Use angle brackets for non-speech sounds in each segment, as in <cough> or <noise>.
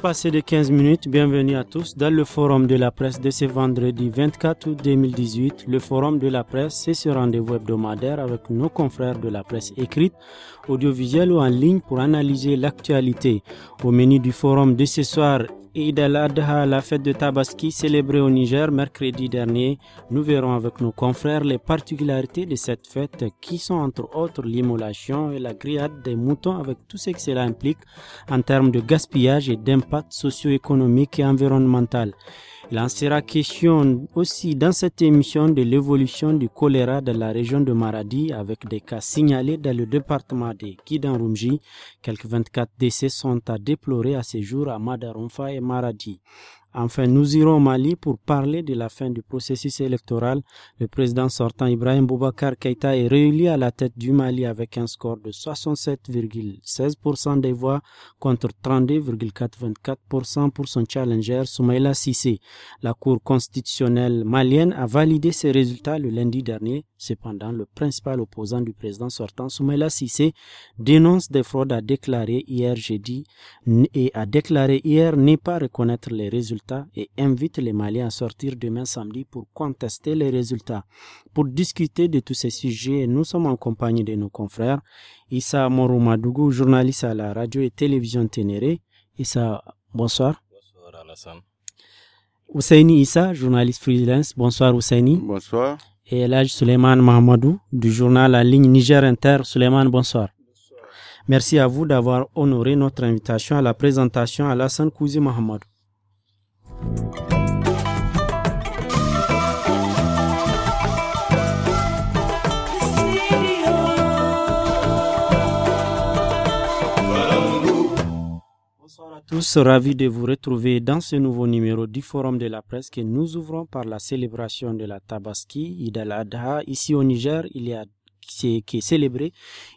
passé de 15 minutes, bienvenue à tous dans le forum de la presse de ce vendredi 24 août 2018. Le forum de la presse, c'est ce rendez-vous hebdomadaire avec nos confrères de la presse écrite, audiovisuelle ou en ligne pour analyser l'actualité. Au menu du forum de ce soir, et la fête de Tabaski célébrée au Niger mercredi dernier. Nous verrons avec nos confrères les particularités de cette fête qui sont entre autres l'immolation et la grillade des moutons avec tout ce que cela implique en termes de gaspillage et d'impact socio-économique et environnemental. Il en sera question aussi dans cette émission de l'évolution du choléra dans la région de Maradi avec des cas signalés dans le département de Kidanrumji. Quelques 24 décès sont à déplorer à ce jour à Madarumfa et Maradi. Enfin, nous irons au Mali pour parler de la fin du processus électoral. Le président sortant Ibrahim Boubacar Keïta est réuni à la tête du Mali avec un score de 67,16% des voix contre 32,44% pour son challenger Soumaïla Sissé. La Cour constitutionnelle malienne a validé ces résultats le lundi dernier Cependant, le principal opposant du président sortant, Soumaïla Sissé, dénonce des fraudes, à déclarer hier jeudi et a déclaré hier n'est pas reconnaître les résultats et invite les Maliens à sortir demain samedi pour contester les résultats. Pour discuter de tous ces sujets, nous sommes en compagnie de nos confrères Issa Morumadougou, journaliste à la radio et télévision Ténéré. Issa, bonsoir. Bonsoir Alassane. Ousseini Issa, journaliste freelance. Bonsoir Ousseini. Bonsoir et l'âge Suleiman Mahamadou du journal La Ligne Niger Inter. Suleiman, bonsoir. Merci à vous d'avoir honoré notre invitation à la présentation à Alassane Kouzi Mahamadou. tous, ravis de vous retrouver dans ce nouveau numéro du Forum de la presse que nous ouvrons par la célébration de la Tabaski, Id adha Ici au Niger, il y a qui est célébré.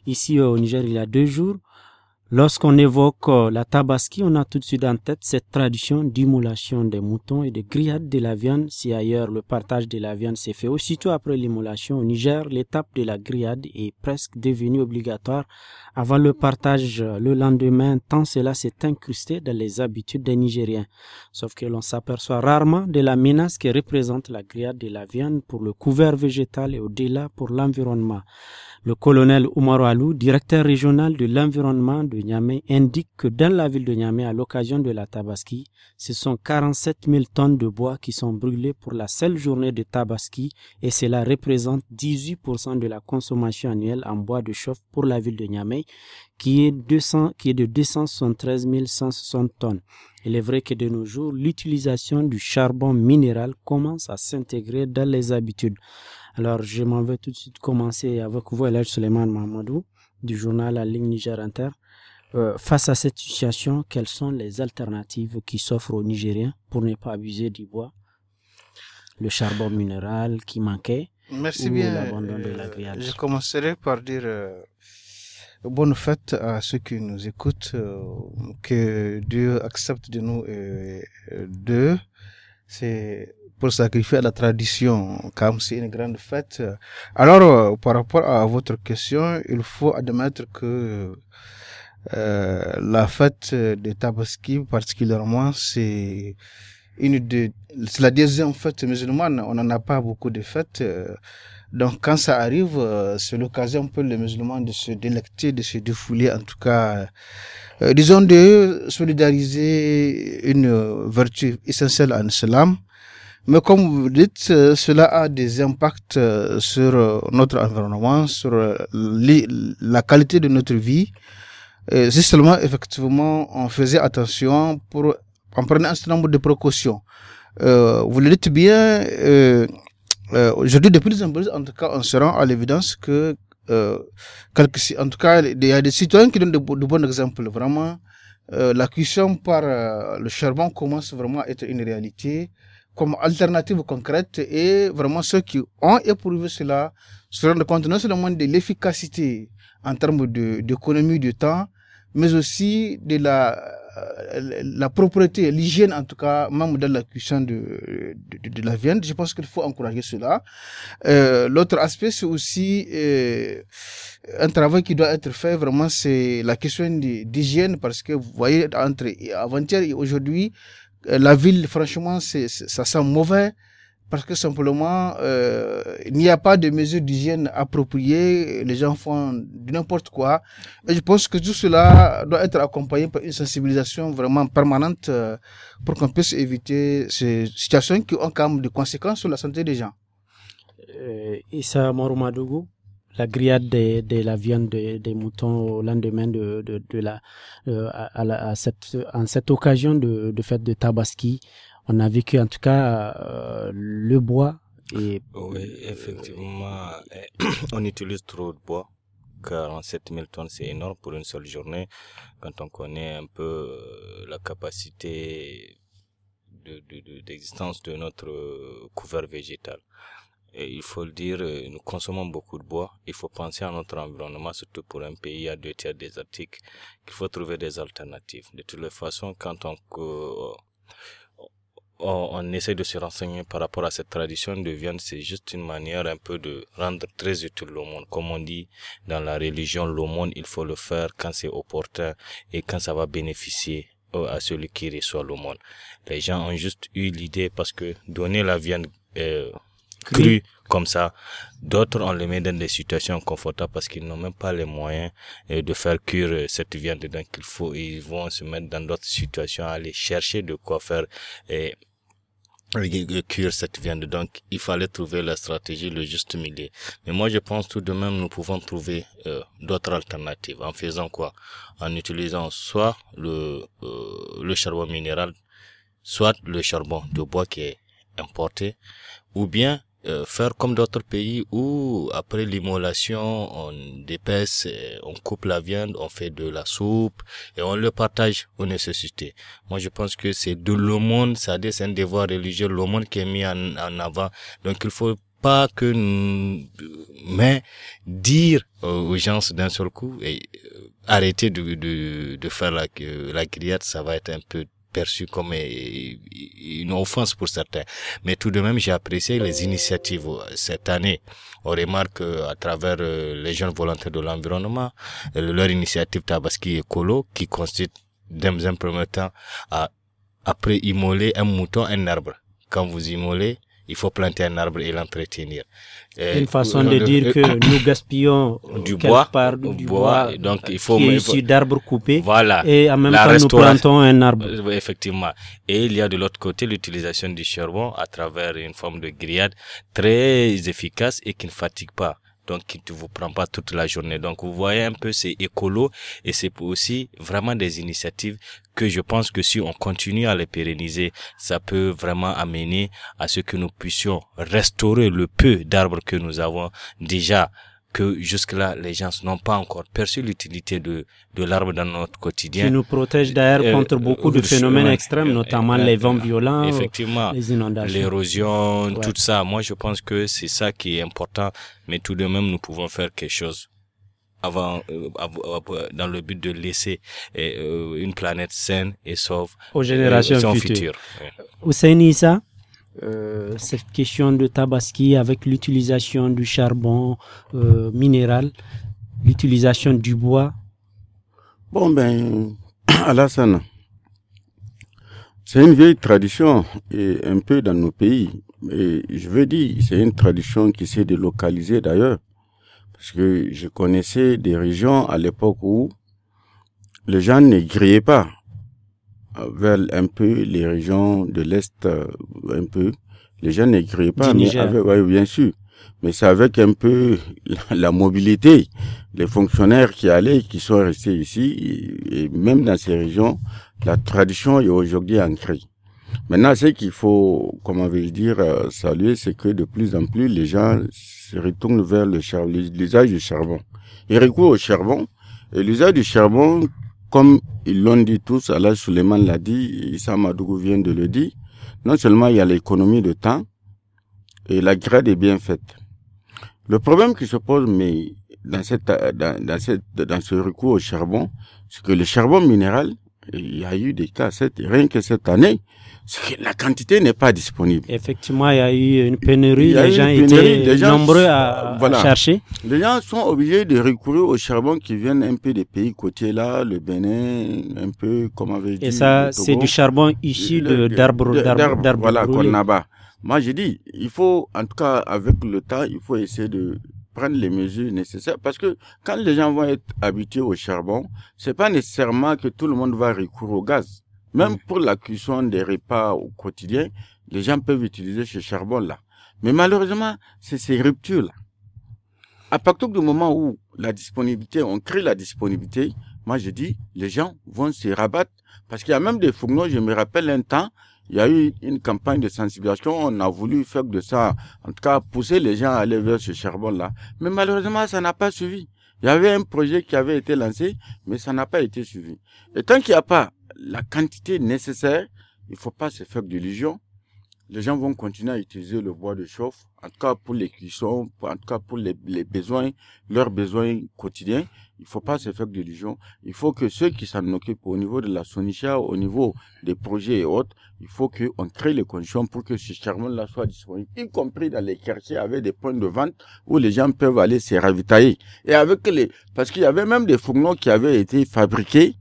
Ici euh, au Niger, il y a deux jours. Lorsqu'on évoque euh, la tabaski, on a tout de suite en tête cette tradition d'immolation des moutons et de grillade de la viande. Si ailleurs le partage de la viande s'est fait aussitôt après l'immolation au Niger, l'étape de la grillade est presque devenue obligatoire avant le partage euh, le lendemain, tant cela s'est incrusté dans les habitudes des Nigériens. Sauf que l'on s'aperçoit rarement de la menace que représente la grillade de la viande pour le couvert végétal et au-delà pour l'environnement. Le colonel Oumar Alou, directeur régional de l'environnement de Niamey, indique que dans la ville de Niamey, à l'occasion de la Tabaski, ce sont 47 000 tonnes de bois qui sont brûlées pour la seule journée de Tabaski et cela représente 18% de la consommation annuelle en bois de chauffe pour la ville de Niamey qui est, qui est de 273 160 tonnes. Il est vrai que de nos jours, l'utilisation du charbon minéral commence à s'intégrer dans les habitudes. Alors, je m'en vais tout de suite commencer avec vous, Elège Suleiman Mahmoudou, du journal La Ligne Niger Inter. Euh, face à cette situation, quelles sont les alternatives qui s'offrent aux Nigériens pour ne pas abuser du bois, le charbon minéral qui manquait Merci ou l'abandon de euh, Je commencerai par dire euh, bonne fête à ceux qui nous écoutent, que Dieu accepte de nous d'eux. C'est pour sacrifier à la tradition, comme c'est une grande fête. Alors, euh, par rapport à votre question, il faut admettre que euh, la fête de Tabaski, particulièrement, c'est une de, c'est la deuxième fête musulmane. On n'en a pas beaucoup de fêtes. Donc, quand ça arrive, euh, c'est l'occasion pour les musulmans de se délecter, de se défouler, en tout cas, euh, disons de solidariser une vertu essentielle en islam mais comme vous dites, euh, cela a des impacts euh, sur euh, notre environnement, sur la qualité de notre vie. si seulement, effectivement, on faisait attention pour en prenant un certain nombre de précautions. vous le dites bien, aujourd'hui, de plus en en tout cas, on se rend à l'évidence que en tout cas, il y a des citoyens qui donnent de, bons exemples. Vraiment, la cuisson par le charbon commence vraiment à être une réalité comme alternative concrète et vraiment ceux qui ont éprouvé cela se rendent compte non seulement de l'efficacité en termes d'économie de, temps, mais aussi de la, euh, la propreté, l'hygiène en tout cas, même dans la cuisson de, de, de la viande. Je pense qu'il faut encourager cela. Euh, L'autre aspect, c'est aussi euh, un travail qui doit être fait, vraiment, c'est la question d'hygiène, parce que vous voyez, entre avant-hier et aujourd'hui, euh, la ville, franchement, c'est, ça sent mauvais parce que simplement, euh, il n'y a pas de mesures d'hygiène appropriées. Les gens font de n'importe quoi. Et je pense que tout cela doit être accompagné par une sensibilisation vraiment permanente euh, pour qu'on puisse éviter ces situations qui ont quand même des conséquences sur la santé des gens. Euh, Issa la grillade de, de la viande des moutons au lendemain de, de, euh, la, à, cette, en cette occasion de, de fête de Tabaski, on a vécu en tout cas euh, le bois. Et, oui, effectivement, eh, <clears throat> on utilise trop de bois. sept mille tonnes, c'est énorme pour une seule journée. Quand on connaît un peu euh, la capacité d'existence de, de, de notre couvert végétal il faut le dire, euh, nous consommons beaucoup de bois. Il faut penser à notre environnement, surtout pour un pays à deux tiers désertique, qu'il faut trouver des alternatives. De toutes les façons, quand on, on, essaie de se renseigner par rapport à cette tradition de viande, c'est juste une manière un peu de rendre très utile l'aumône. Comme on dit dans la religion, l'aumône, il faut le faire quand c'est opportun et quand ça va bénéficier euh, à celui qui reçoit l'aumône. Les gens ont juste eu l'idée parce que donner la viande... Euh, cru comme ça. D'autres, on les met dans des situations confortables parce qu'ils n'ont même pas les moyens euh, de faire cuire euh, cette viande. Donc, il faut, ils vont se mettre dans d'autres situations, aller chercher de quoi faire et euh, cuire cette viande. Donc, il fallait trouver la stratégie, le juste milieu. Mais moi, je pense tout de même, nous pouvons trouver d'autres alternatives. En faisant quoi En utilisant soit le, euh, le charbon minéral, soit le charbon de bois qui est importé, ou bien euh, faire comme d'autres pays où après l'immolation on dépaisse, euh, on coupe la viande, on fait de la soupe et on le partage aux nécessités. Moi je pense que c'est de l'aumône, ça c'est un devoir religieux, l'aumône qui est mis en, avant. Donc il faut pas que mais dire aux gens d'un seul coup et euh, arrêter de, de, de faire la, la grillade, ça va être un peu perçu comme e, e, une offense pour certains. Mais tout de même, j'ai apprécié les initiatives cette année. On remarque euh, à travers euh, les jeunes volontaires de l'environnement, euh, leur initiative Tabaski Écolo, qui consiste dans un premier temps à, après immoler un mouton, un arbre. Quand vous immolez, il faut planter un arbre et l'entretenir. Euh, une façon de dire que nous gaspillons euh, du bois, par du bois, donc il euh, faut qui est issu d'arbres coupés. Voilà. Et en même temps, nous plantons un arbre. Effectivement. Et il y a de l'autre côté l'utilisation du charbon à travers une forme de grillade très efficace et qui ne fatigue pas donc qui ne vous prend pas toute la journée. Donc vous voyez un peu c'est écolo et c'est aussi vraiment des initiatives que je pense que si on continue à les pérenniser, ça peut vraiment amener à ce que nous puissions restaurer le peu d'arbres que nous avons déjà que jusque-là, les gens n'ont pas encore perçu l'utilité de, de l'arbre dans notre quotidien. Qui nous protège d'ailleurs euh, contre beaucoup de euh, phénomènes extrêmes, notamment les vents violents, effectivement, les inondations. L'érosion, tout ça. Moi, je pense que c'est ça qui est important. Mais tout de même, nous pouvons faire quelque chose avant euh, dans le but de laisser une planète saine et sauve aux générations futures. futures. Hussein Issa, euh, cette question de Tabaski avec l'utilisation du charbon euh, minéral, l'utilisation du bois Bon, ben, <clears throat> Alassane, c'est une vieille tradition, et un peu dans nos pays. Et je veux dire, c'est une tradition qui s'est délocalisée d'ailleurs. Parce que je connaissais des régions à l'époque où les gens ne grillaient pas. Euh, vers un peu les régions de l'Est, euh, un peu. Les gens n'écrivent pas, bien sûr. Mais c'est avec un peu <laughs> la mobilité les fonctionnaires qui allaient, qui sont restés ici, et même dans ces régions, la tradition est aujourd'hui ancrée. Maintenant, ce qu'il faut, comment vais-je dire, euh, saluer, c'est que de plus en plus, les gens se retournent vers le char l'usage du charbon. Ils recourent au charbon, et l'usage du charbon, comme ils l'ont dit tous, Allah Suleiman l'a dit, Issa Madougou vient de le dire. Non seulement il y a l'économie de temps, et la grade est bien faite. Le problème qui se pose, mais dans cette, ce recours au charbon, c'est que le charbon minéral, il y a eu des cas, rien que cette année, la quantité n'est pas disponible. Effectivement, il y a eu une pénurie, les gens étaient nombreux à, euh, chercher. Les gens sont obligés de recourir au charbon qui vient un peu des pays côtiers là, le Bénin, un peu comme avait dit. Et ça, c'est du charbon issu d'arbres d'arbres Voilà qu'on Moi, j'ai dit, il faut, en tout cas, avec le temps, il faut essayer de prendre les mesures nécessaires parce que quand les gens vont être habitués au charbon, c'est pas nécessairement que tout le monde va recourir au gaz. Même pour la cuisson des repas au quotidien, les gens peuvent utiliser ce charbon-là. Mais malheureusement, c'est ces ruptures-là. À partir du moment où la disponibilité, on crée la disponibilité, moi je dis, les gens vont se rabattre. Parce qu'il y a même des fourneaux, je me rappelle un temps, il y a eu une campagne de sensibilisation, on a voulu faire de ça, en tout cas pousser les gens à aller vers ce charbon-là. Mais malheureusement, ça n'a pas suivi. Il y avait un projet qui avait été lancé, mais ça n'a pas été suivi. Et tant qu'il n'y a pas la quantité nécessaire, il faut pas se faire d'illusions. Les gens vont continuer à utiliser le bois de chauffe, en tout cas pour les cuissons, en tout cas pour les, besoins, leurs besoins quotidiens. Il faut pas se faire d'illusions. Il faut que ceux qui s'en occupent au niveau de la Sonicha, au niveau des projets et autres, il faut qu'on crée les conditions pour que ce charbon-là soit disponible, y compris dans les quartiers avec des points de vente où les gens peuvent aller se ravitailler. Et avec les, parce qu'il y avait même des fourneaux qui avaient été fabriqués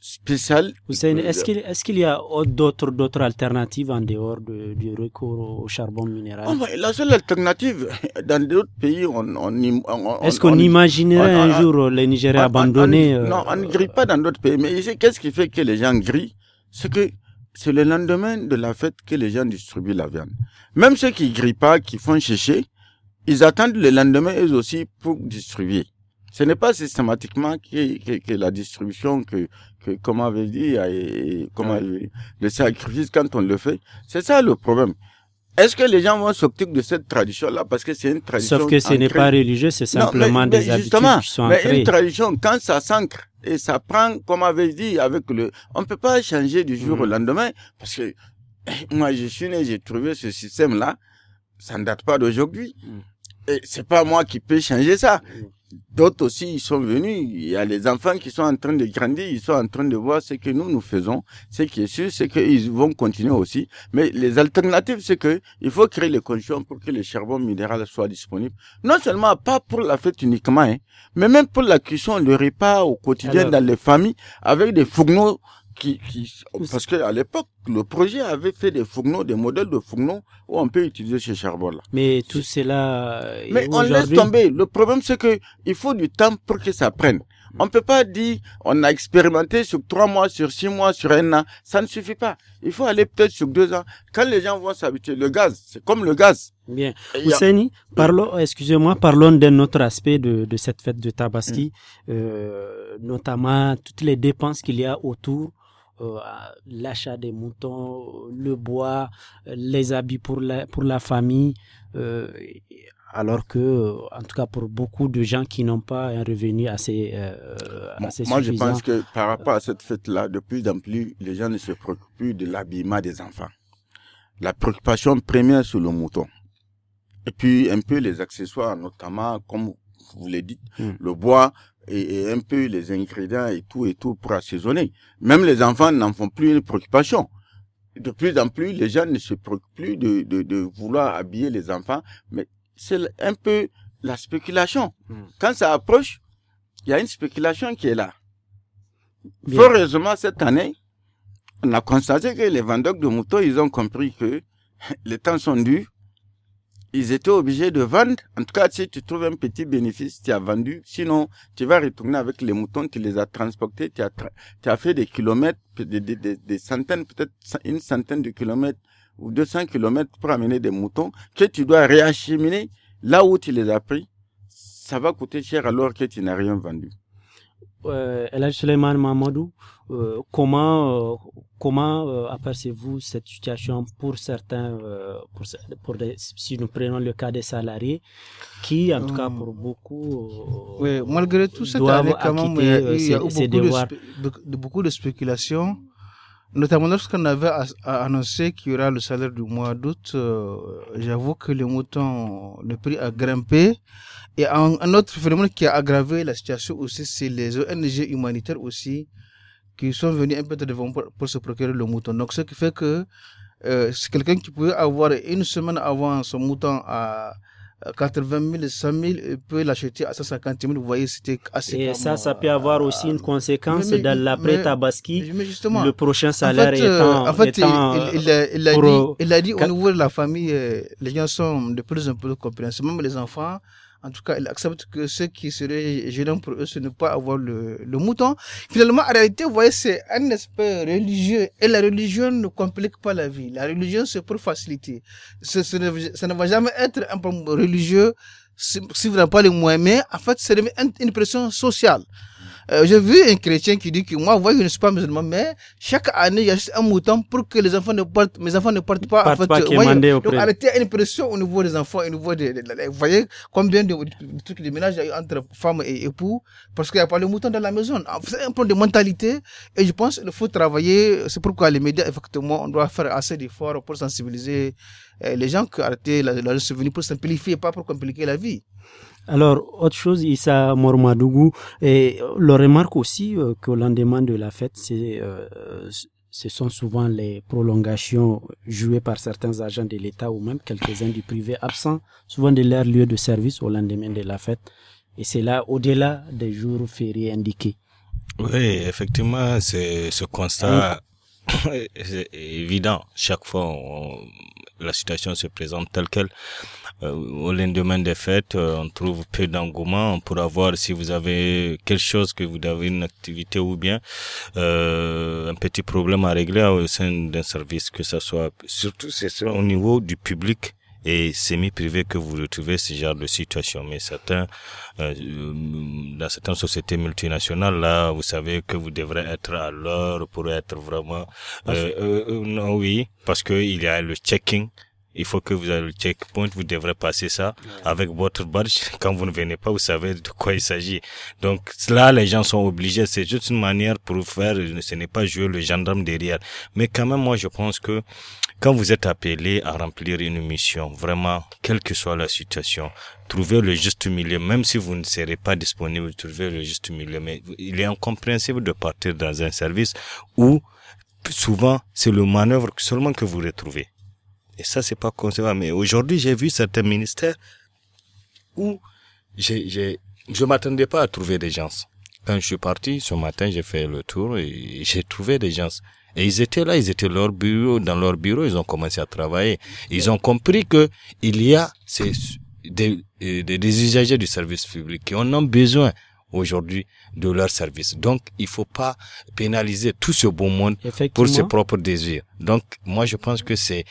spécial. Euh, est-ce qu'il y a d'autres d'autres alternatives en dehors du recours au charbon minéral ah, La seule alternative, dans d'autres pays, on, on, est-ce qu'on imaginerait un jour les Nigériens abandonnés Non, euh, on ne grille pas dans d'autres pays. Mais qu'est-ce qui fait que les gens grillent C'est que c'est le lendemain de la fête que les gens distribuent la viande. Même ceux qui grillent pas, qui font chécher, ils attendent le lendemain eux aussi pour distribuer. Ce n'est pas systématiquement que, la distribution que, que comme avait dit, et, comme le sacrifice quand on le fait, c'est ça le problème. Est-ce que les gens vont s'optiquer de cette tradition-là parce que c'est une tradition Sauf que ce n'est pas religieux, c'est simplement des habitudes qui sont ancrées. Mais une tradition, quand ça s'ancre et ça prend, comme avait dit, avec le, on peut pas changer du jour au mhm. lendemain parce que <coughs> moi je suis né, j'ai trouvé ce système-là, ça ne date pas d'aujourd'hui. Mhm. Et c'est pas moi qui peux changer ça. Mhm. D'autres aussi, ils sont venus. Il y a les enfants qui sont en train de grandir, ils sont en train de voir ce que nous, nous faisons. Ce qui est sûr, c'est qu'ils vont continuer aussi. Mais les alternatives, c'est que il faut créer les conditions pour que les charbon minéral soient disponibles. Non seulement pas pour la fête uniquement, hein, mais même pour la cuisson, le repas au quotidien dans les familles avec des fourneaux qui, parce qu'à l'époque, le projet avait fait des fourneaux, des modèles de fourneaux où on peut utiliser ce charbon-là. Mais tout cela. Mais on laisse tomber. Le problème, c'est que il faut du temps pour que ça prenne. On peut pas dire, on a expérimenté sur trois mois, sur six mois, sur un an. Ça ne suffit pas. Il faut aller peut-être sur deux ans. Quand les gens vont s'habituer, le gaz, c'est comme le gaz. Bien. Ousseini, parlons, excusez-moi, parlons d'un autre aspect de, cette fête de Tabaski, mm. euh, notamment toutes les dépenses qu'il y a autour euh, l'achat des moutons, euh, le bois, euh, les habits pour la, pour la famille. alors que, en tout cas, pour beaucoup de gens qui n'ont pas un revenu assez, assez moi, suffisant. Moi, je pense que par rapport à cette fête-là, de plus en plus, les gens ne se préoccupent plus de l'habillement des enfants. La préoccupation première, c'est le mouton. Et puis un peu les accessoires, notamment comme vous l'avez dites, mm. le bois et, un peu les ingrédients et tout et tout pour assaisonner. Même les enfants n'en font plus une préoccupation. De plus en plus, les gens ne se préoccupent plus de, de, vouloir habiller les enfants, mais c'est un peu la spéculation. Mm. Quand ça approche, il y a une spéculation qui est là. heureusement, cette année, on a constaté que les vendeurs de moutons, ils ont compris que <laughs> les temps sont durs ils étaient obligés de vendre. En tout cas, si tu trouves un petit bénéfice, tu as vendu. Sinon, tu vas retourner avec les moutons, tu les as transportés, tu as, tu as fait des kilomètres, des, centaines, peut-être une centaine de kilomètres ou 200 kilomètres pour amener des moutons que tu dois réacheminer là où tu les as pris. Ça va coûter cher alors que tu n'as rien vendu euh, Elhaj Suleiman Mamadou, euh, comment euh, comment euh, apercevez-vous cette situation pour certains, euh, pour, pour des, si nous prenons le cas des salariés, qui en tout cas pour euh, beaucoup oui, malgré tout euh, cette année quand même, il y a, eu, beaucoup, de, de, beaucoup de spéculations Notamment lorsqu'on avait annoncé qu'il y aura le salaire du mois d'août, euh, j'avoue que les moutons, le prix a grimpé. Et un, autre phénomène qui a aggravé la situation aussi, c'est les ONG humanitaires aussi, qui sont venus un peu devant pour, se procurer le mouton. Donc ce qui fait que euh, c'est quelqu'un qui pouvait avoir une semaine avant son mouton à 80 000, 100 000, il peut l'acheter à 150 000. Vous voyez, c'était assez. Et ça, ça peut avoir euh, aussi une conséquence mais, dans l'après-Tabaski. Le prochain salaire en euh, étant. En fait, il, il, a, dit, il, a dit, au niveau de la famille, euh, les gens sont de plus en plus compréhensifs. Même les enfants, en tout cas, il accepte que ce qui serait gênant pour eux, ce n'est pas avoir le, mouton. Finalement, en réalité, vous voyez, c'est un aspect religieux. Et la religion ne complique pas la vie. La religion, c'est pour faciliter. ça ne va jamais être un problème religieux si vous n'avez pas les moyens. Mais en fait, c'est une pression sociale. Euh, j'ai vu un chrétien qui dit que moi, vous voyez, je ne suis pas musulman, mais chaque année, il y a juste un mouton pour que les enfants ne portent, mes enfants ne portent pas. En fait, voyez, donc, arrêtez une pression au niveau des enfants, au niveau des, de, vous voyez combien de, trucs de ménage il y a eu entre femmes et époux, parce qu'il n'y a pas le mouton dans la maison. C'est ah, un problème de mentalité, et je pense qu'il faut travailler. C'est pourquoi les médias, effectivement, on doit faire assez d'efforts pour sensibiliser euh, les gens que arrêter la, la, le souvenir pour simplifier, pas pour compliquer la vie. Alors, autre chose, Issa Mormadougou, et le remarque aussi euh, que le de la fête, euh, ce sont souvent les prolongations jouées par certains agents de l'État ou même quelques-uns du privé absents, souvent de leur lieu de service au lendemain de la fête. Et c'est là au-delà des jours fériés indiqués. Oui, effectivement, c'est ce constat <coughs> évident. Chaque fois, la situation se présente telle qu'elle. Euh, au lendemain des fêtes, euh, on trouve peu d'engouement. On pourra voir si vous avez quelque chose, que vous avez une activité ou bien euh, un petit problème à régler au sein d'un service, que ça soit surtout c'est au niveau du public et semi-privé que vous retrouvez ce genre de situation. Mais certains, euh, euh, dans certaines sociétés multinationales, là, vous savez que vous devrez être à l'heure pour être vraiment. non, oui, parce que il y a le checking il faut que vous ayez le checkpoint, vous devrez passer ça avec votre badge. Quand vous ne venez pas, vous savez de quoi il s'agit. Donc là, les gens sont obligés. C'est juste une manière pour faire, ce n'est pas jouer le gendarme derrière. Mais quand même, moi, je pense que quand vous êtes appelé à remplir une mission, vraiment, quelle que soit la situation, trouvez le juste milieu, même si vous ne serez pas disponible, trouvez le juste milieu. Mais il est incompréhensible de partir dans un service où souvent c'est le manœuvre seulement que vous retrouvez. Et ça, c'est pas concevable. Mais aujourd'hui, j'ai vu certains ministères où j'ai, ne je m'attendais pas à trouver des gens. Quand je suis parti ce matin, j'ai fait le tour et j'ai trouvé des gens. Et ils étaient là, ils étaient leur bureau, dans leur bureau, ils ont commencé à travailler. Ils ont compris que il y a ces, des, des, usagers du service public qui en ont besoin aujourd'hui de leur service. Donc, il faut pas pénaliser tout ce beau monde pour ses propres désirs. Donc, moi, je pense que c'est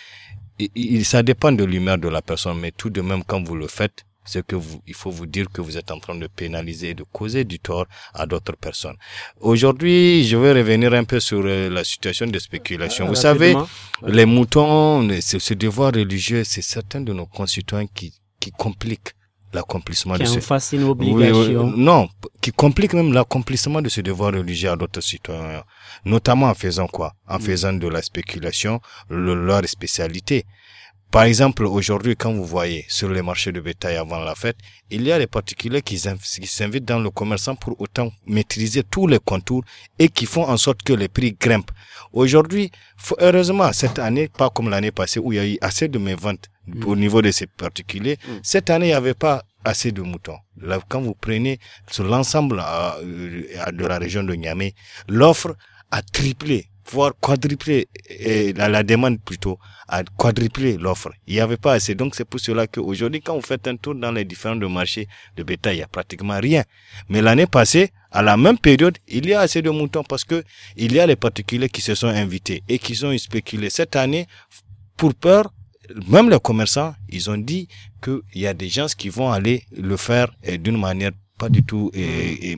il ça dépend de l'humeur de la personne, mais tout de même, quand vous le faites, c'est que vous, il faut vous dire que vous êtes en train de pénaliser et de causer du tort à d'autres personnes. Aujourd'hui, je vais revenir un peu sur euh, la situation de spéculation. Vous savez, les moutons, ce, ce devoir religieux, c'est certains de nos concitoyens qui, qui compliquent l'accomplissement de ce... devoir. obligation. non, qui complique même l'accomplissement de ce devoir religieux à d'autres citoyens. Notamment en faisant quoi En mm. faisant de la spéculation leur spécialité. Par exemple, aujourd'hui, quand vous voyez sur les marchés de bétail avant la fête, il y a les particuliers qui s'invitent dans le commerçant pour autant maîtriser tous les contours et qui font en sorte que les prix grimpent. Aujourd'hui, heureusement, cette année, pas comme l'année passée où il y a eu assez de mes ventes Mm. au niveau de ces particuliers. Mm. Cette année, il n'y avait pas assez de moutons. Là, quand vous prenez sur l'ensemble euh, euh, de la région de Niamey, l'offre a triplé voire quadruplé, et la, demande plutôt a quadruplé l'offre. Il n'y avait pas assez. Donc c'est pour cela qu'aujourd'hui, quand vous faites un tour dans les différents marchés de bétail, il n'y a pratiquement rien. Mais l'année passée, à la même période, il y a assez de moutons parce que il y a les particuliers qui se sont invités et qui ont spéculé Cette année, pour peur même les commerçants, ils ont dit qu'il y a des gens qui vont aller le faire eh, d'une manière pas du tout eh, mm. eh,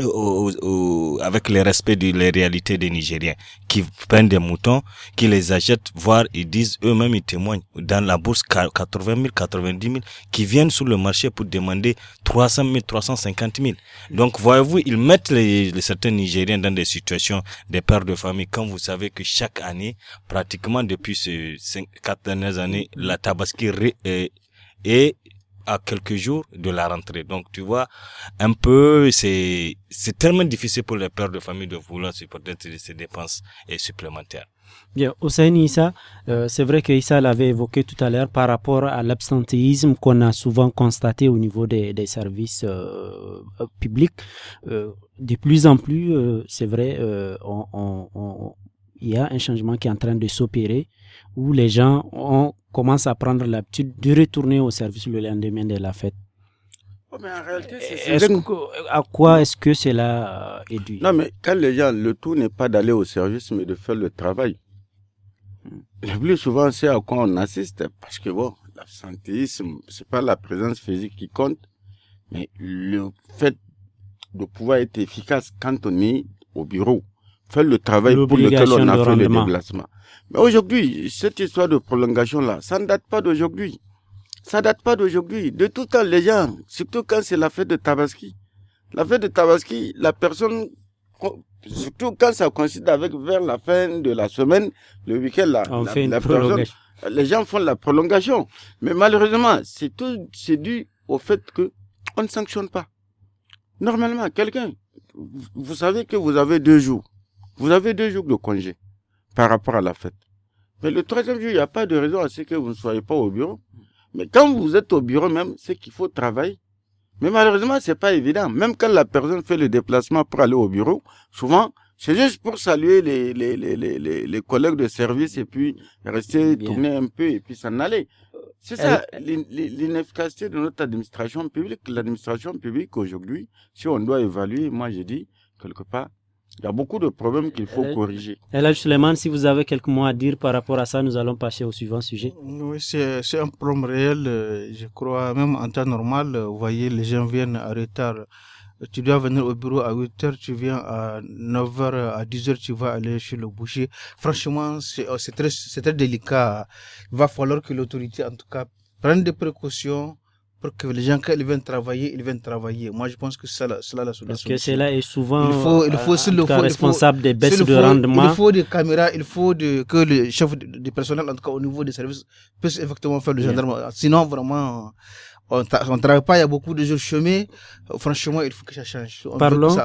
au, avec le respect des les réalités des Nigériens qui prennent des moutons, qui les achètent, voire ils disent eux-mêmes, ils témoignent dans la bourse 80 000, 90 000, qui viennent sur le marché pour demander 300 000, 350 000. Donc voyez-vous, ils mettent les, certains Nigériens dans des situations des pères de famille quand vous savez que chaque année, pratiquement depuis ces quatre 4 dernières années, la tabaski euh, est, est à quelques jours de la rentrée. Donc tu vois, un peu, c'est c'est tellement difficile pour les pères de famille de vouloir supporter ces dépenses supplémentaires. Bien, au Issa, euh, c'est vrai que Issa l'avait évoqué tout à l'heure par rapport à l'absentéisme qu'on a souvent constaté au niveau des, services euh, publics. Euh, de plus en plus, c'est vrai, il y a un changement qui est en train de s'opérer où les gens ont Commence à prendre l'habitude de retourner au service le lendemain de la fête. Oh, mais en réalité, c'est... à quoi est-ce que cela euh, est dû Non, mais quand les gens, le tout n'est pas d'aller au service, mais de faire le travail. Hmm. Le plus souvent, c'est à quoi on assiste, parce que bon, l'absentéisme, c'est pas la présence physique qui compte, mais le fait de pouvoir être efficace quand on est au bureau faire le travail pour lequel on a fait le déplacement. Mais aujourd'hui, cette histoire de prolongation-là, ça ne date pas d'aujourd'hui. Ça ne date pas d'aujourd'hui. De tout temps, les gens, surtout quand c'est la fête de Tabaski. La fête de Tabaski, la personne, surtout quand ça coïncide avec vers la fin de la semaine, le week-end, la, les gens font la prolongation. Mais malheureusement, c'est tout, c'est dû au fait que on ne sanctionne pas. Normalement, quelqu'un, vous savez que vous avez deux jours vous avez deux jours de congé par rapport à la fête. Mais le troisième jour, il n'y a pas de raison à ce que vous ne soyez pas au bureau. Mais quand vous êtes au bureau même, c'est qu'il faut travailler. Mais malheureusement, c'est pas évident. Même quand la personne fait le déplacement pour aller au bureau, souvent, c'est juste pour saluer les, les, les, les, collègues de service et puis rester, tourner un peu et puis s'en aller. C'est ça, l'inefficacité de notre administration publique. L'administration publique aujourd'hui, si on doit évaluer, moi je dis, quelque part, il y a beaucoup de problèmes qu'il faut euh, corriger. corriger. là, Suleiman, si vous avez quelques mots à dire par rapport à ça, nous allons passer au suivant sujet. Oui, c'est un problème réel. Euh, je crois, même en temps normal, euh, vous voyez, les gens viennent à retard. Tu dois venir au bureau à 8 heures, tu viens à 9 heures, à 10 heures, tu vas aller chez le boucher. Franchement, c'est très, très délicat. Il va falloir que l'autorité, en tout cas, prenne des précautions pour que les gens, quand viennent travailler, ils viennent travailler. Moi, je pense que c'est là, la solution. Parce que cela est souvent il faut, il faut, euh, le responsable des baisses de rendement. Il faut des caméras, il faut que le chef du personnel, en tout cas au niveau des services, puisse effectivement faire le gendarme. Sinon, vraiment, on ne travaille pas, il y a beaucoup de jours chômés. Euh, franchement, il faut que ça change. parlons,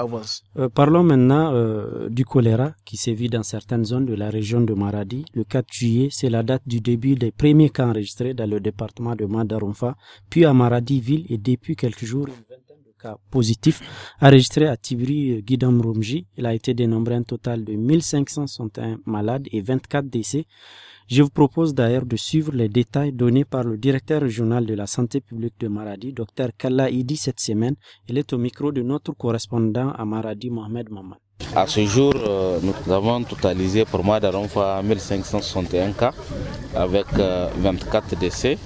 euh, parlons maintenant euh, du choléra qui sévit dans certaines zones de la région de Maradi. Le 4 juillet, c'est la date du début des premiers cas enregistrés dans le département de Madarumfa, puis à Maradi-Ville et depuis quelques jours, une vingtaine de cas positifs enregistrés à Tibri romji Il a été dénombré un total de 1561 malades et 24 décès. Je vous propose d'ailleurs de suivre les détails donnés par le directeur régional de la santé publique de Maradi, Dr Kalla Idi, cette semaine. Il est au micro de notre correspondant à Maradi, Mohamed Mamad. À ce jour, euh, nous avons totalisé pour Madaronfa 1561 cas avec 24 euh, décès.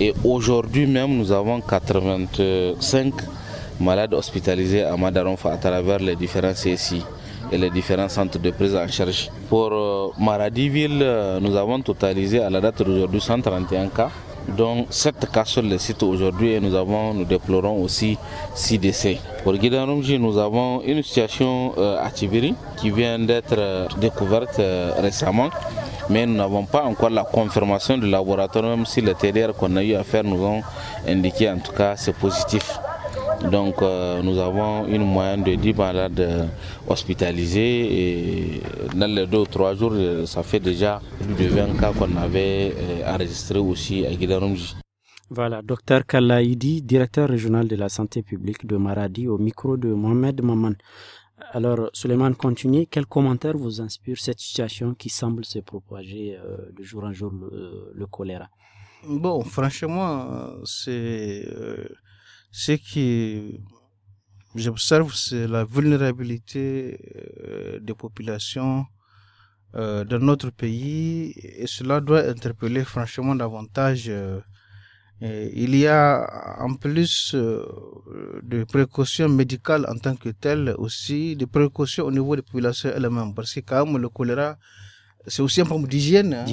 Et aujourd'hui même, nous avons 85 malades hospitalisés à Madaronfa à travers les différents CSI et les différents centres de prise en charge. Pour Maradi euh, Maradiville, euh, nous avons totalisé à la date d'aujourd'hui 131 cas, dont 7 cas sur le site aujourd'hui et nous, avons, nous déplorons aussi 6 décès. Pour Guidarumji, nous avons une situation à euh, Tibiri qui vient d'être découverte récemment mais nous n'avons pas encore la confirmation du laboratoire, même si les TDR qu'on a eu à faire nous ont indiqué en tout cas c'est positif. Donc euh, nous avons une moyenne de 10 malades euh, hospitalisés et dans les deux ou 3 jours, euh, ça fait déjà plus de 20 cas qu'on avait enregistrés aussi à Guidarumji. Voilà, docteur Kalaïdi, directeur régional de la santé publique de Maradi, au micro de Mohamed Maman. Alors, Suleiman, continuez. Quel commentaire vous inspire cette situation qui semble se propager de jour en jour le, choléra Bon, franchement, c'est. Ce qui j'observe, c'est la vulnérabilité euh, des populations euh, dans notre pays et cela doit interpeller franchement davantage. Euh, il y a en plus de précautions médicales en tant que telles aussi des précautions au niveau des populations elles-mêmes parce que quand même le choléra c'est aussi un problème d'hygiène. Hein.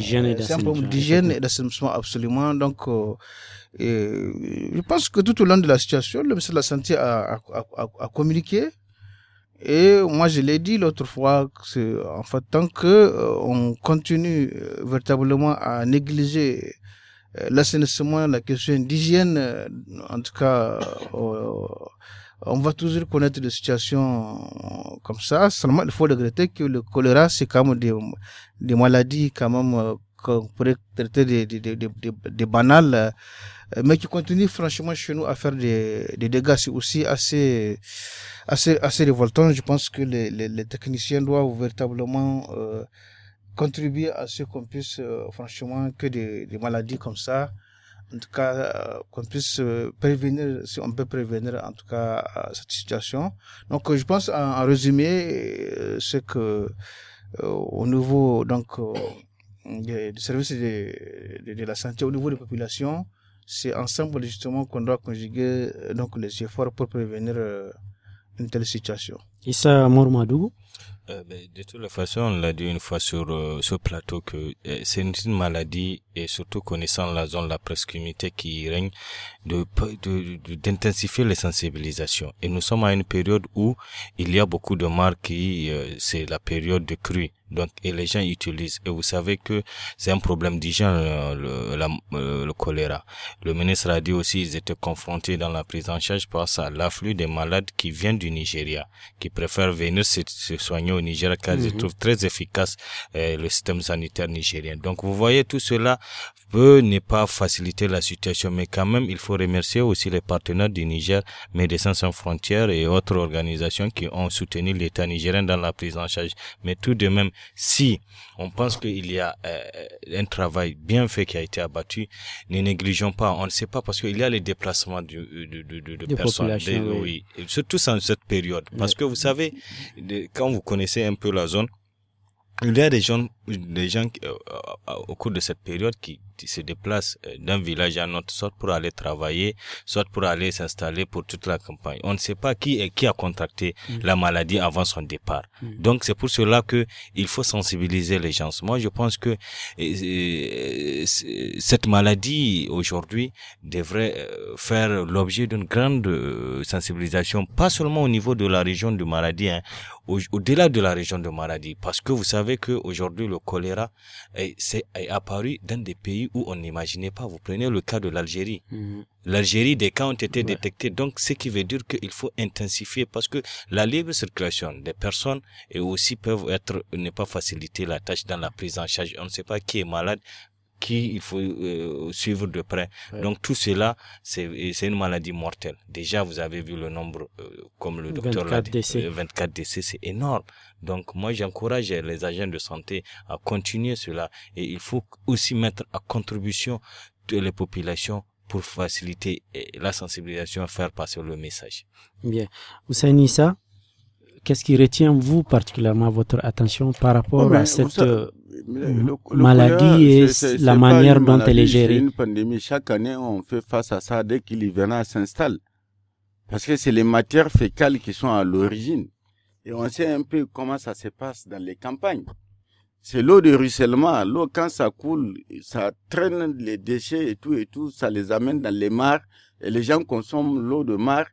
C'est un problème d'hygiène et d'assainissement absolument. Donc, et euh, je pense que tout au long de la situation, le ministère de la Santé a, a, a, a communiqué. Et moi, je l'ai dit l'autre fois, que en fait, tant que euh, on continue euh, véritablement à négliger l'assainissement, la question d'hygiène, en tout cas, on va toujours connaître des situations comme ça. Seulement, il faut regretter que le choléra, c'est quand même des, des maladies quand même qu'on pourrait traiter des banales euh, mais qui continue franchement chez nous à faire des, dégâts. C'est aussi assez, assez, assez révoltant. Je pense que les, techniciens doivent véritablement euh, contribuer à ce qu'on puisse, euh, franchement, que des, maladies comme ça, en tout cas, qu'on puisse prévenir, si on peut prévenir, en tout cas, cette situation. Donc, je pense, en, résumé, c'est que au niveau donc le service services de, de, la santé au niveau des populations, c'est ensemble justement qu'on doit conjuguer euh, donc les efforts pour prévenir euh, une telle situation. Issa Mormadou euh, ben, De toute façon, on l'a dit une fois sur euh, ce plateau que c'est une maladie et surtout connaissant la zone, la proximité qui règne, de d'intensifier les sensibilisations. Et nous sommes à une période où il y a beaucoup de marques qui, c'est la période de crue. Donc, et les gens utilisent. Et vous savez que c'est un problème d'hygiène, euh, le, euh, le choléra. Le ministre a dit aussi ils étaient confrontés dans la prise en charge par ça, l'afflux des malades qui viennent du Nigeria, qui préfèrent venir se, soigner au Nigeria car ils mhm. trouvent très efficace euh, le système sanitaire nigérien. Donc, vous voyez tout cela peut ne pas faciliter la situation, mais quand même, il faut remercier aussi les partenaires du Niger, Médecins sans frontières et autres organisations qui ont soutenu l'État nigérien dans la prise en charge. Mais tout de même, si on pense qu'il y a euh, un travail bien fait qui a été abattu, ne négligeons pas. On ne sait pas parce qu'il y a les déplacements du, euh, de, de, de, de personnes. Oui. oui. Surtout dans cette période. Parce que vous savez, quand vous connaissez un peu la zone, il y a des gens, des gens euh, euh, au cours de cette période qui, se déplacent euh, d'un village à un autre, soit pour aller travailler, soit pour aller s'installer pour toute la campagne. On ne sait pas qui est, qui a contracté mm. la maladie avant son départ. Mm. Donc c'est pour cela que il faut sensibiliser les gens. Moi, je pense que cette maladie aujourd'hui devrait faire l'objet d'une grande sensibilisation, pas seulement au niveau de la région de maladie, hein, au-delà de la région de Maradi, parce que vous savez que aujourd'hui le choléra est, est, apparu dans des pays où on n'imaginait pas. Vous prenez le cas de l'Algérie. Mm. L'Algérie, des cas ont été détectés, donc ce qui veut dire qu'il faut intensifier parce que la libre circulation des personnes et aussi peuvent être ne pas faciliter la tâche dans la prise en charge. On ne sait pas qui est malade, qui il faut euh, suivre de près. Donc tout cela, c'est une maladie mortelle. Déjà, vous avez vu le nombre, euh, comme le docteur l'a dit, décès. 24 euh, décès, c'est énorme. Donc moi, j'encourage les agents de santé à continuer cela. Et il faut aussi mettre à contribution toutes les populations pour faciliter la sensibilisation faire passer le message. Bien. Issa, qu'est-ce qui retient vous particulièrement votre attention par rapport oh, à cette... Euh, maladie et la manière dont elle est gérée. une pandémie. Chaque année, on fait face à ça dès que s'installe. Parce que c'est les matières fécales qui sont à l'origine. Et on sait un peu comment ça se passe dans les campagnes. C'est l'eau de ruissellement. L'eau, quand ça coule, ça traîne les déchets et tout et tout. Ça les amène dans les mares. Et les gens consomment l'eau de mare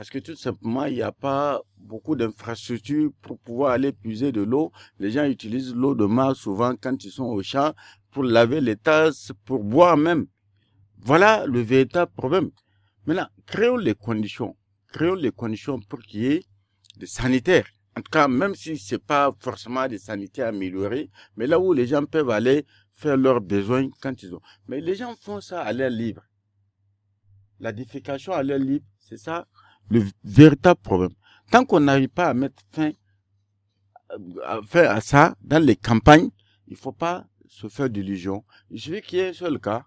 parce que tout simplement, il n'y a pas beaucoup d'infrastructures pour pouvoir aller puiser de l'eau. Les gens utilisent l'eau de mare souvent quand ils sont au champ pour laver les tasses, pour boire même. Voilà le véritable problème. Maintenant, créons les conditions. Créons les conditions pour qu'il y ait des sanitaires. En tout cas, même si ce n'est pas forcément des sanitaires améliorés, mais là où les gens peuvent aller faire leurs besoins quand ils ont. Mais les gens font ça à l'air libre. La défécation à l'air libre, c'est ça le véritable problème. Tant qu'on n'arrive pas à mettre fin à, ça dans les campagnes, il faut pas se faire d'illusions. Je veux qu'il y ait un seul cas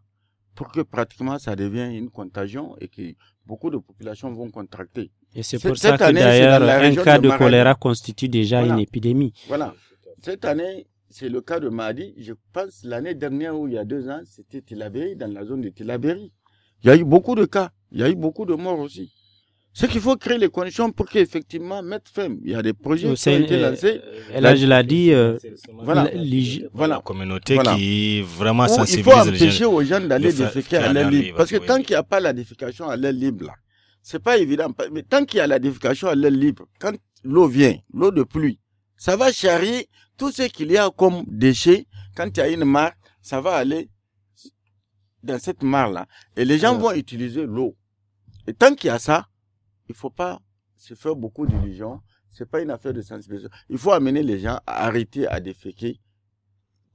pour que pratiquement ça devienne une contagion et que beaucoup de populations vont contracter. Et c'est pour ça que d'ailleurs un cas de, choléra constitue déjà une épidémie. Voilà. Cette année, c'est le cas de Mahdi. Je pense l'année dernière ou il y a deux ans, c'était Tilaberi, dans la zone de Tilaberi. Il y a eu beaucoup de cas. Il y a eu beaucoup de morts aussi. C'est qu'il faut créer les conditions pour qu'effectivement mettre fin. Il y a des projets qui ont été lancés. Et euh, là, je l'ai dit, euh, voilà, voilà. communauté qui vraiment sensibilise Il faut empêcher aux gens d'aller à l'air libre. Parce que tant qu'il n'y a pas la défication à l'air libre, là, c'est pas évident. Mais tant qu'il y a la défécation à l'air libre, quand l'eau vient, l'eau de pluie, ça va charrier tout ce qu'il y a comme déchets. Quand il y a une mare, ça va aller dans cette mare-là. Et les gens vont utiliser l'eau. Et tant qu'il y a ça, il faut pas se faire beaucoup d'illusions. C'est pas une affaire de sensibilisation. Il faut amener les gens à arrêter à déféquer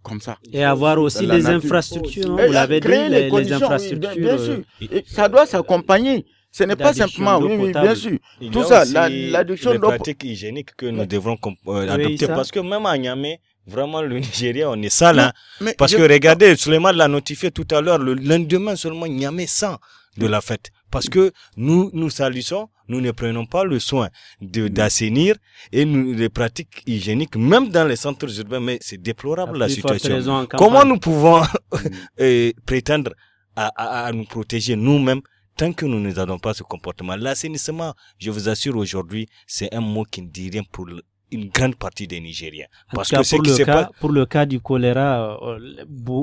comme ça. Et avoir aussi les infrastructures. Hein, vous l'avez dit, les, infrastructures. Euh, ça doit s'accompagner. Ce n'est pas simplement, oui, bien sûr. Tout ça, l'adoption d'eau. pratiques hygiéniques que nous devrons euh, adopter. Parce que même à Niamey, vraiment, le Nigeria, on est sale. Hein. parce que regardez, Suleiman l'a notifié tout à l'heure, le lendemain seulement, Niamey 100 de la fête. Parce que nous, nous salissons nous ne prenons pas le soin d'assainir et nous, les pratiques hygiéniques, même dans les centres urbains, mais c'est déplorable la, situation. Comment nous pouvons mm. <laughs> prétendre à, à, nous protéger nous-mêmes tant que nous n'avons pas ce comportement L'assainissement, je vous assure aujourd'hui, c'est un mot qui ne dit rien pour une grande partie des Nigériens. Parce que pour, le cas, pour le cas du choléra, euh,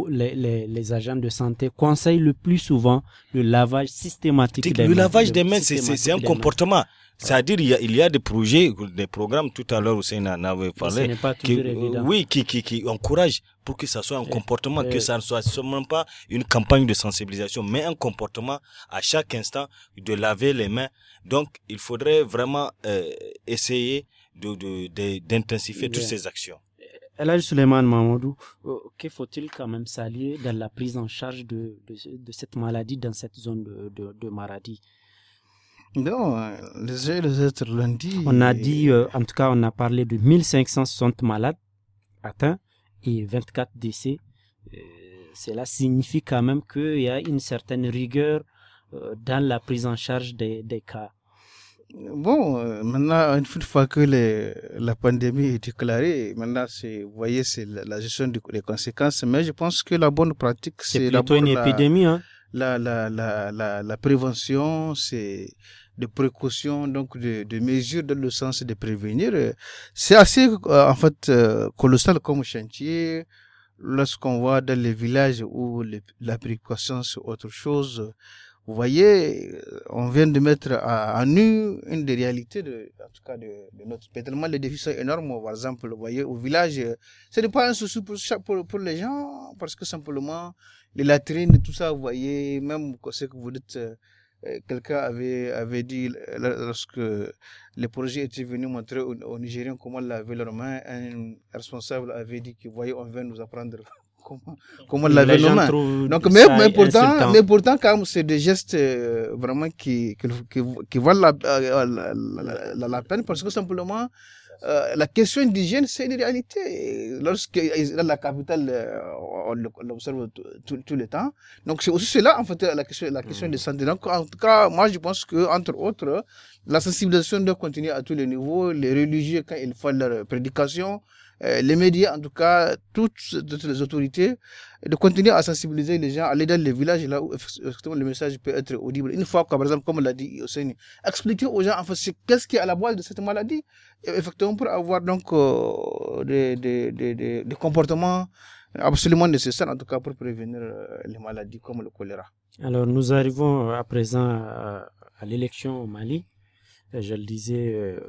les, les, agents de santé conseillent le plus souvent le lavage systématique des mains. Le lavage des mains, c'est un comportement. C'est-à-dire il y, a, des projets, des programmes tout à l'heure où en avait parlé, oui, qui, qui, encouragent pour que ça soit un comportement, que ça ne soit seulement pas une campagne de sensibilisation, mais un comportement à chaque instant de laver les mains. Donc il faudrait vraiment euh, essayer d'intensifier toutes ces actions. Elhaj Suleiman Mamadou, euh, que faut-il quand même s'allier dans la prise en charge de, de, cette maladie dans cette zone de, maladie non, euh, les, les êtres l'ont dit. On a dit, euh, en tout cas, on a parlé de 1560 malades atteints et 24 décès. cela signifie quand même qu'il y a une certaine rigueur dans la prise en charge des, des cas. Bon, euh, maintenant, une fois que la pandémie est déclarée, maintenant, c'est, vous voyez, c'est la, gestion des conséquences. Mais je pense que la bonne pratique, c'est plutôt épidémie. Hein. La, hein? la, la, la, la, prévention, c'est de précautions, donc de, de mesures dans le sens de prévenir. C'est assez, euh, en fait, euh, colossal comme chantier. Lorsqu'on voit dans les villages où la précaution, c'est autre chose vous voyez, euh, on vient de mettre à, nu une des réalités de, en tout cas de, notre pays. Tellement les défis sont énormes, par exemple, vous voyez, au village, euh, ce n'est pas un souci pour, les gens, parce que simplement, les latrines, tout ça, vous voyez, même ce que vous dites, euh, quelqu'un avait, avait dit, lorsque les projets étaient venus montrer aux, aux Nigériens comment laver leurs mains, un responsable avait dit que, vous voyez, on vient nous apprendre comment, comment l'avait Donc, mais, pourtant, mais pourtant, quand c'est des gestes euh, vraiment qui, qui, qui, valent euh, la, la, la, peine parce que simplement, euh, la question d'hygiène, c'est une réalité. Lorsque la capitale, on l'observe tout, le temps. Donc, c'est aussi cela, en fait, la question, la question de santé. Donc, en tout cas, moi, je pense que, entre autres, la sensibilisation doit continuer à tous les niveaux. Les religieux, quand ils font leur prédication, euh, les médias, en tout cas, toutes, les autorités, de continuer à sensibiliser les gens, aller dans les villages là où effectivement le message peut être audible. Une fois, par exemple, comme l'a dit Yosséni, expliquer aux gens en fait qu'est-ce qui a à la boîte de cette maladie, effectivement pour avoir donc euh, des, des, des, comportements absolument nécessaires, en tout cas pour prévenir euh, les maladies comme le choléra. Alors nous arrivons à présent à l'élection au Mali je le disais, euh,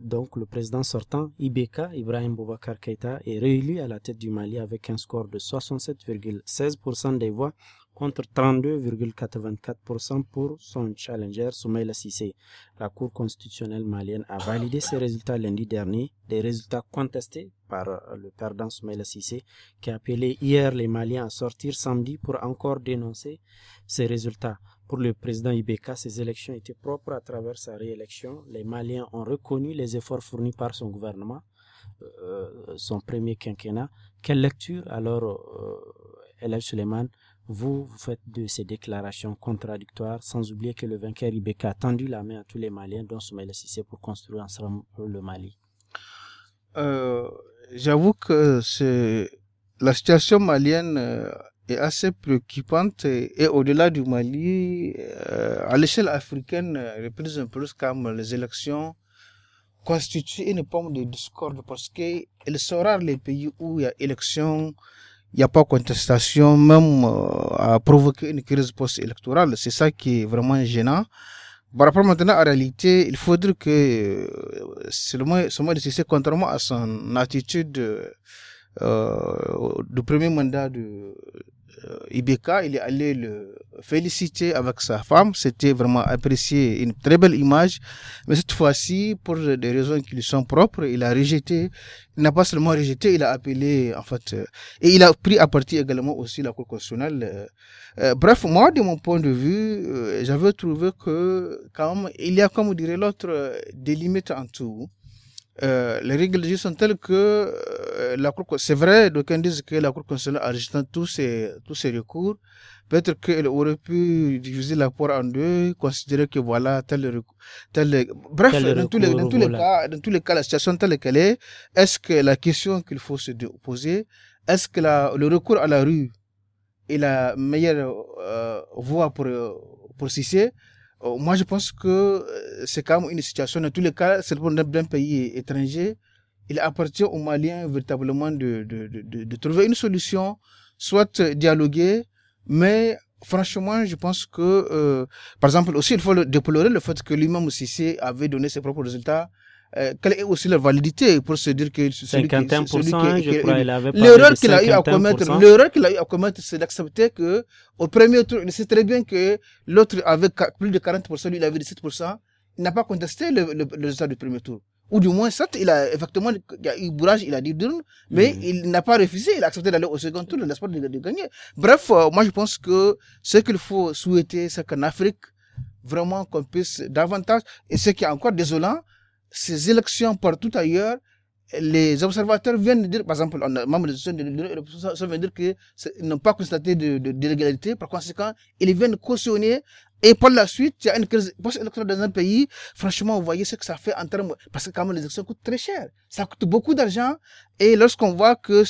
donc le président sortant, Ibeka, Ibrahim Boubacar Keïta, est réélu à la tête du Mali avec un score de 67,16% des voix contre 32,84% pour son challenger Soumaïla Sissé. La Cour constitutionnelle malienne a validé ces résultats lundi dernier, des résultats contestés par le perdant Soumaïla Sissé, qui a appelé hier les Maliens à sortir samedi pour encore dénoncer ces résultats. Pour le président Ibeka, ces élections étaient propres à travers sa réélection. Les Maliens ont reconnu les efforts fournis par son gouvernement, euh, son premier quinquennat. Quelle lecture alors, euh, Suleyman, Suleiman, vous, faites de ces déclarations contradictoires, sans oublier que le vainqueur Ibeka a tendu la main à tous les Maliens, dont Soumaïla Sissé, pour construire ensemble le Mali euh, J'avoue que la situation malienne euh, est assez préoccupante et au-delà du Mali, euh, à l'échelle africaine, les plus comme les élections constituent une pomme de discorde parce qu'elles sont rares les pays où il y a élection, il n'y a pas contestation, même euh, à provoquer une crise post-électorale. C'est ça qui est vraiment gênant. Par rapport maintenant à la réalité, il faudrait que euh, seulement, seulement contrairement à son attitude euh, euh du premier mandat de, euh, Ibeka, il est allé le féliciter avec sa femme. C'était vraiment apprécié, une très belle image. Mais cette fois-ci, pour des raisons qui lui sont propres, il a rejeté. Il n'a pas seulement rejeté, il a appelé, en fait, euh, et il a pris à partie également aussi la Cour constitutionnelle. Euh, bref, moi, de mon point de vue, j'avais trouvé que, quand il y a, comme dirait l'autre, des limites en tout. Euh, les règles du sont telles que euh, la Cour, c'est vrai, d'aucuns disent que la Cour constitutionnelle, a tous ces, tous ces recours, peut-être qu'elle aurait pu diviser l'apport en deux, considérer que voilà, tel recours, tel, bref, dans, tous les, dans tous les cas, dans tous les cas, la situation telle qu'elle est, est-ce que la question qu'il faut se poser, est-ce que le recours à la rue est la meilleure euh, voie pour, pour cesser euh, moi, je pense que euh, c'est quand même une situation. Dans tous les cas, c'est le d'un pays étranger. Il appartient aux Maliens hein, véritablement de, de, de, trouver une solution, soit euh, dialoguer, mais franchement, je pense que, par exemple, aussi, il faut déplorer le fait que lui-même, avait donné ses propres résultats euh, quelle est aussi leur validité pour se dire que celui qui, celui je crois, il l'erreur qu'il a eu à commettre, l'erreur qu'il a eu à commettre, c'est d'accepter que au premier tour, il sait très bien que l'autre avait plus de 40%, lui il avait 17%, il n'a pas contesté le, le, résultat du premier tour ou du moins certes il a effectivement il a eu bourrage il a dit d'urne mais mm. il n'a pas refusé il a accepté d'aller au second tour dans l'espoir de, gagner bref euh, moi je pense que ce qu'il faut souhaiter c'est qu'en Afrique vraiment qu'on puisse davantage et ce qui est encore désolant ces élections partout ailleurs, les observateurs viennent dire, par exemple, on a, même les de viennent dire qu'ils n'ont pas constaté de, d'illégalité. Par conséquent, ils viennent cautionner. Et par la suite, il y a une crise électorale dans un pays. Franchement, vous voyez ce que ça fait en termes, parce que quand même, les élections coûtent très cher. Ça coûte beaucoup d'argent. Et lorsqu'on voit que,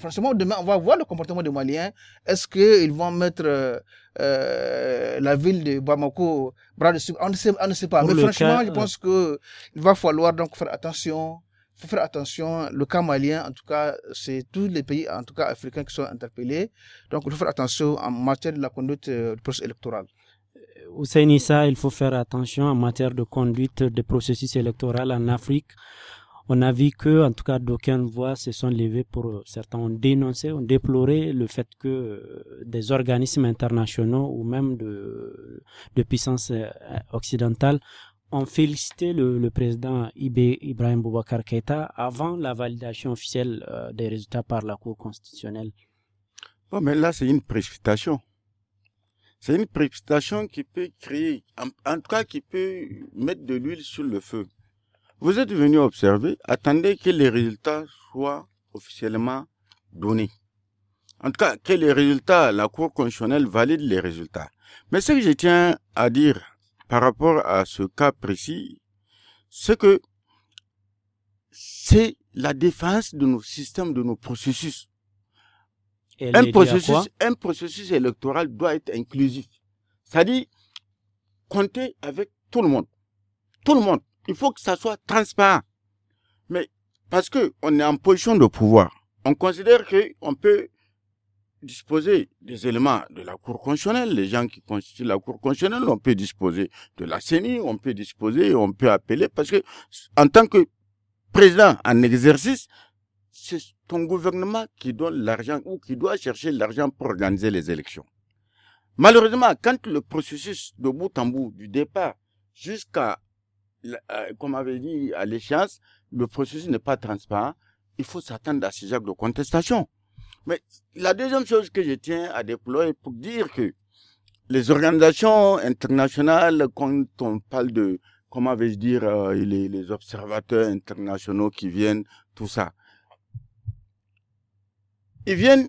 franchement, demain, on va voir le comportement des Maliens. Est-ce qu'ils vont mettre, euh, euh, la ville de Bamako bras On ne sait, pas. Mais franchement, je euh. pense que il va falloir donc faire attention. Faut faire attention. Le cas malien, en tout cas, c'est tous les pays, en tout cas africains, qui sont interpellés. Donc, il faut faire attention en matière de la conduite euh, du processus électoral. Hussein il faut faire attention en matière de conduite des processus électoraux en Afrique. On a vu que, en tout cas, d'aucunes voix se sont levées pour euh, certains ont dénoncé, ont déploré le fait que euh, des organismes internationaux ou même de, de puissances euh, occidentales ont félicité le, président Ibrahim Boubacar Keïta avant la validation officielle des résultats par la Cour constitutionnelle. mais là, c'est une précipitation. C'est une précipitation qui peut créer, en, tout cas, qui peut mettre de l'huile sur le feu. Vous êtes venu observer, attendez que les résultats soient officiellement donnés. En tout cas, que les résultats, la Cour constitutionnelle valide les résultats. Mais ce que je tiens à dire par rapport à ce cas précis, c'est que c'est la défense de nos systèmes, de nos processus. un processus, un processus électoral doit être inclusif. C'est-à-dire, compter avec tout le monde. Tout le monde. Il faut que ça soit transparent. Mais parce que on est en position de pouvoir, on considère que on peut disposer des éléments de la Cour constitutionnelle, les gens qui constituent la Cour constitutionnelle, on peut disposer de la CENI, on peut disposer, on peut appeler, parce que en tant que président en exercice, c'est ton gouvernement qui donne l'argent ou qui doit chercher l'argent pour organiser les élections. Malheureusement, quand le processus de bout en bout, du départ jusqu'à euh, comme avait dit à l'échéance, le processus n'est pas transparent. Il faut s'attendre à ces actes de contestation. Mais la deuxième chose que je tiens à déployer pour dire que les organisations internationales, quand on parle de, comment vais-je dire, euh, les, observateurs internationaux qui viennent, tout ça, ils viennent,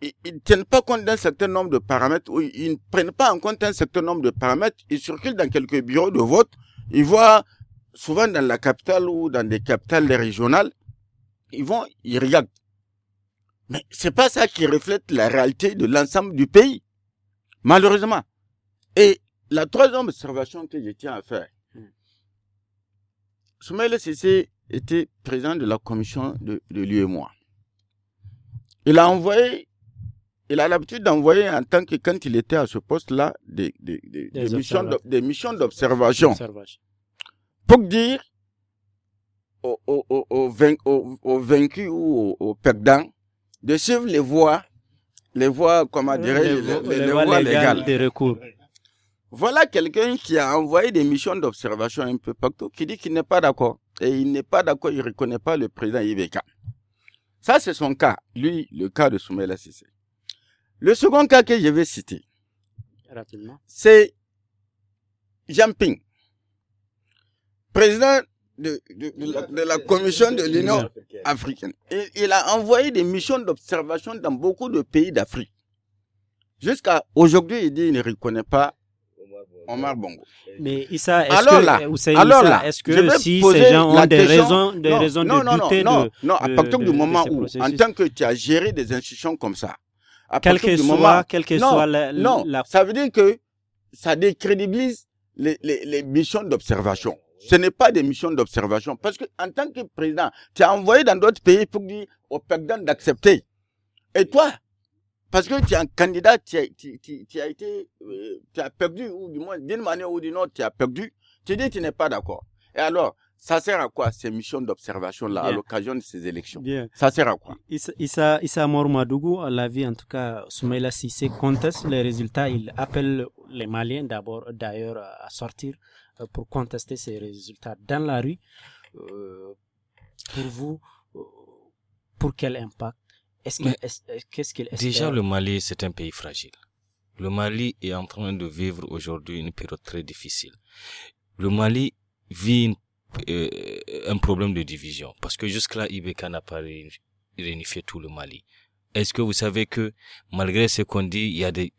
ils, ne tiennent pas compte d'un certain nombre de paramètres, ils ne prennent pas en compte un certain nombre de paramètres, ils circulent dans quelques bureaux de vote, ils voient souvent dans la capitale ou dans des capitales régionales, ils vont, ils regardent. Mais c'est pas ça qui reflète la réalité de l'ensemble du pays. Malheureusement. Et la troisième observation que je tiens à faire. Hmm. Soumaïla Sissé était président de la commission de, de et moi. Il a envoyé il a l'habitude d'envoyer en tant que quand il était à ce poste-là des, des, des, missions d'observation pour dire aux, vaincus ou aux, perdants de suivre les voies, les voies, comment euh, dirais-je, les, voies légales. recours. Voilà quelqu'un qui a envoyé des missions d'observation un peu partout, qui dit qu'il n'est pas d'accord. Et il n'est pas d'accord, il ne reconnaît pas le président Ibeka. Ça, c'est son cas. Lui, le cas de Soumaïla Sissé. Le second cas que je vais citer, c'est Jamping, président de, la, commission de l'Union africaine. il a envoyé des missions d'observation dans beaucoup de pays d'Afrique. Jusqu'à aujourd'hui, il dit qu'il ne reconnaît pas Omar Bongo. Mais Issa, est-ce alors que, là, euh, est-ce que si ces gens ont des raisons, des raisons de non, douter non, non, non, à partir du moment où, en tant que tu as géré des institutions comme ça, quelque quel soit, moment... quel que soit la, non, ça veut dire que ça décrédibilise les, missions d'observation. Ce n'est pas des missions d'observation. Parce que, en tant que président, tu as envoyé dans d'autres pays pour dire au perdants d'accepter. Et toi, parce que tu es un candidat, tu as, été, euh, tu as perdu, ou du moins, d'une manière ou d'une autre, tu as perdu. Tu dis que tu n'es pas d'accord. Et alors, ça sert à quoi ces missions d'observation-là à l'occasion de ces élections Ça sert à quoi Issa, Issa, à la vie en tout cas, Soumaïla Sissé conteste les résultats. Il appelle les Maliens d'abord, d'ailleurs, à sortir euh, pour contester ces résultats dans la rue. Euh, pour vous, euh, pour quel impact est-ce qu'il, quest Déjà, le Mali, c'est un pays fragile. Le Mali est en train de vivre aujourd'hui une période très difficile. Le Mali vit une euh, un problème de division Parce que jusque-là, Ibeka n'a pas réunifié tout le Mali. Est-ce que vous savez que, malgré ce qu'on dit, il y, a des,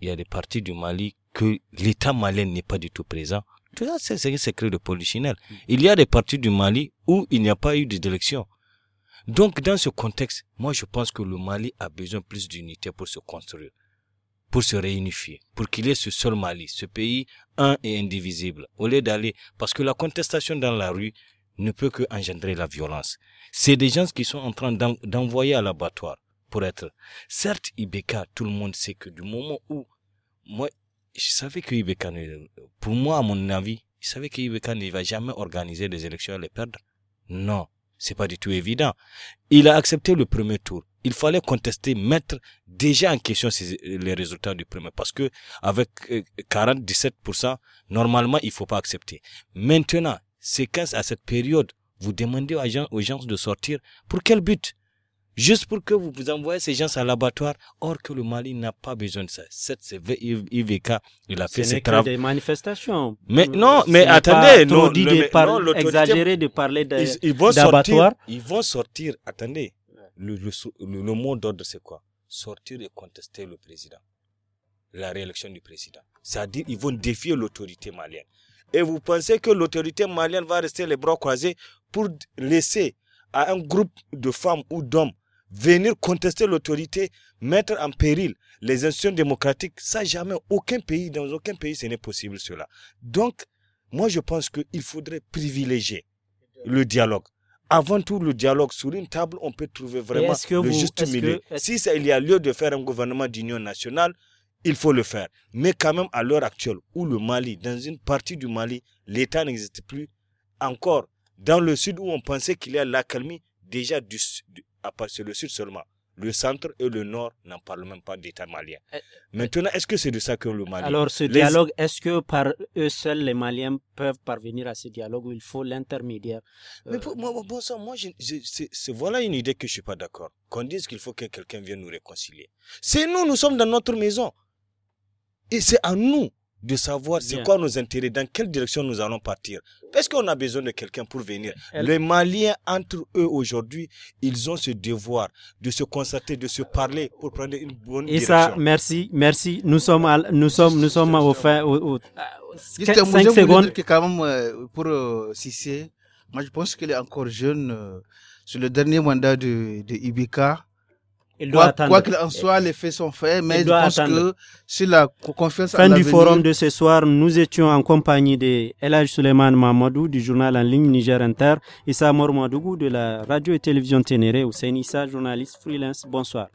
il, y parties du Mali que l'État malien n'est pas du tout présent Tout ça, c'est un secret de polichinelle. Il y a des parties du Mali où il n'y a pas eu d'élection. Donc, dans ce contexte, moi, je pense que le Mali a besoin plus d'unité pour se construire pour se réunifier, pour qu'il y ait ce seul Mali, ce pays un et indivisible, au lieu d'aller, parce que la contestation dans la rue ne peut que engendrer la violence. C'est des gens qui sont en train d'envoyer à l'abattoir pour être. Certes, Ibeka, tout le monde sait que du moment où, moi, je savais que Ibeka, pour moi, à mon avis, je savais que Ibeka ne va jamais organiser des élections et les perdre. Non. C'est pas du tout évident. Il a accepté le premier tour. Il fallait contester, mettre déjà en question les résultats du premier, parce que avec 47%, euh, normalement, il faut pas accepter. Maintenant, séquence à cette période, vous demandez aux aux gens de sortir. Pour quel but? juste pour que vous vous envoyez ces gens à l'abattoir, or que le Mali n'a pas besoin de ça. Cette IVK, il a fait ses travaux. des manifestations. Mais euh, non, mais attendez, non, dit de de parler d'abattoir. Ils, vont sortir, ils attendez, le, le mot d'ordre c'est quoi? Sortir et contester le président. La réélection du président. C'est-à-dire, ils vont défier l'autorité malienne. Et vous pensez que l'autorité malienne va rester les bras croisés pour laisser à un groupe de femmes ou d'hommes venir contester l'autorité, mettre en péril les institutions démocratiques, ça jamais, aucun pays, dans aucun pays, ce n'est possible cela. Donc, moi, je pense qu'il faudrait privilégier le dialogue. Avant tout, le dialogue sur une table, on peut trouver vraiment que le juste milieu. si il y a lieu de faire un gouvernement d'union nationale, il faut le faire. Mais quand même, à l'heure actuelle, où le Mali, dans une partie du Mali, l'État n'existe plus, encore, dans le sud où on pensait qu'il y a l'accalmie, déjà du, à partir le sud seulement. Le centre et le nord n'en parlent même pas d'État malien. Eh, Maintenant, est-ce que c'est de ça que le Mali... Alors, ce dialogue, est-ce que par eux seuls, les Maliens peuvent parvenir à ce dialogue ou il faut l'intermédiaire euh, Mais pour, bon sang, moi, je, voilà une idée que je suis pas d'accord. Qu'on dise qu'il faut que quelqu'un vienne nous réconcilier. C'est nous, nous sommes dans notre maison. Et c'est à nous de savoir c'est quoi nos intérêts, dans quelle direction nous allons partir. Est-ce qu'on a besoin de quelqu'un pour venir. Les Maliens, entre eux aujourd'hui, ils ont ce devoir de se concerter, de se parler pour prendre une bonne Et direction. Et ça, merci, merci. Nous sommes, nous sommes, nous sommes au fin, au, au, euh, Juste 5 secondes. Que quand euh, pour Sissé euh, moi je pense qu'il est encore jeune. sur le dernier mandat de, de doit quoi, attendre. en soit, les faits sont faits, mais je pense que si la confiance fin du forum de ce soir, nous étions en compagnie de Elage Suleiman Mamadou du journal en ligne Niger Inter, Issa Mormadougou de la radio et télévision Ténéré, Hussein Issa, journaliste freelance. Bonsoir.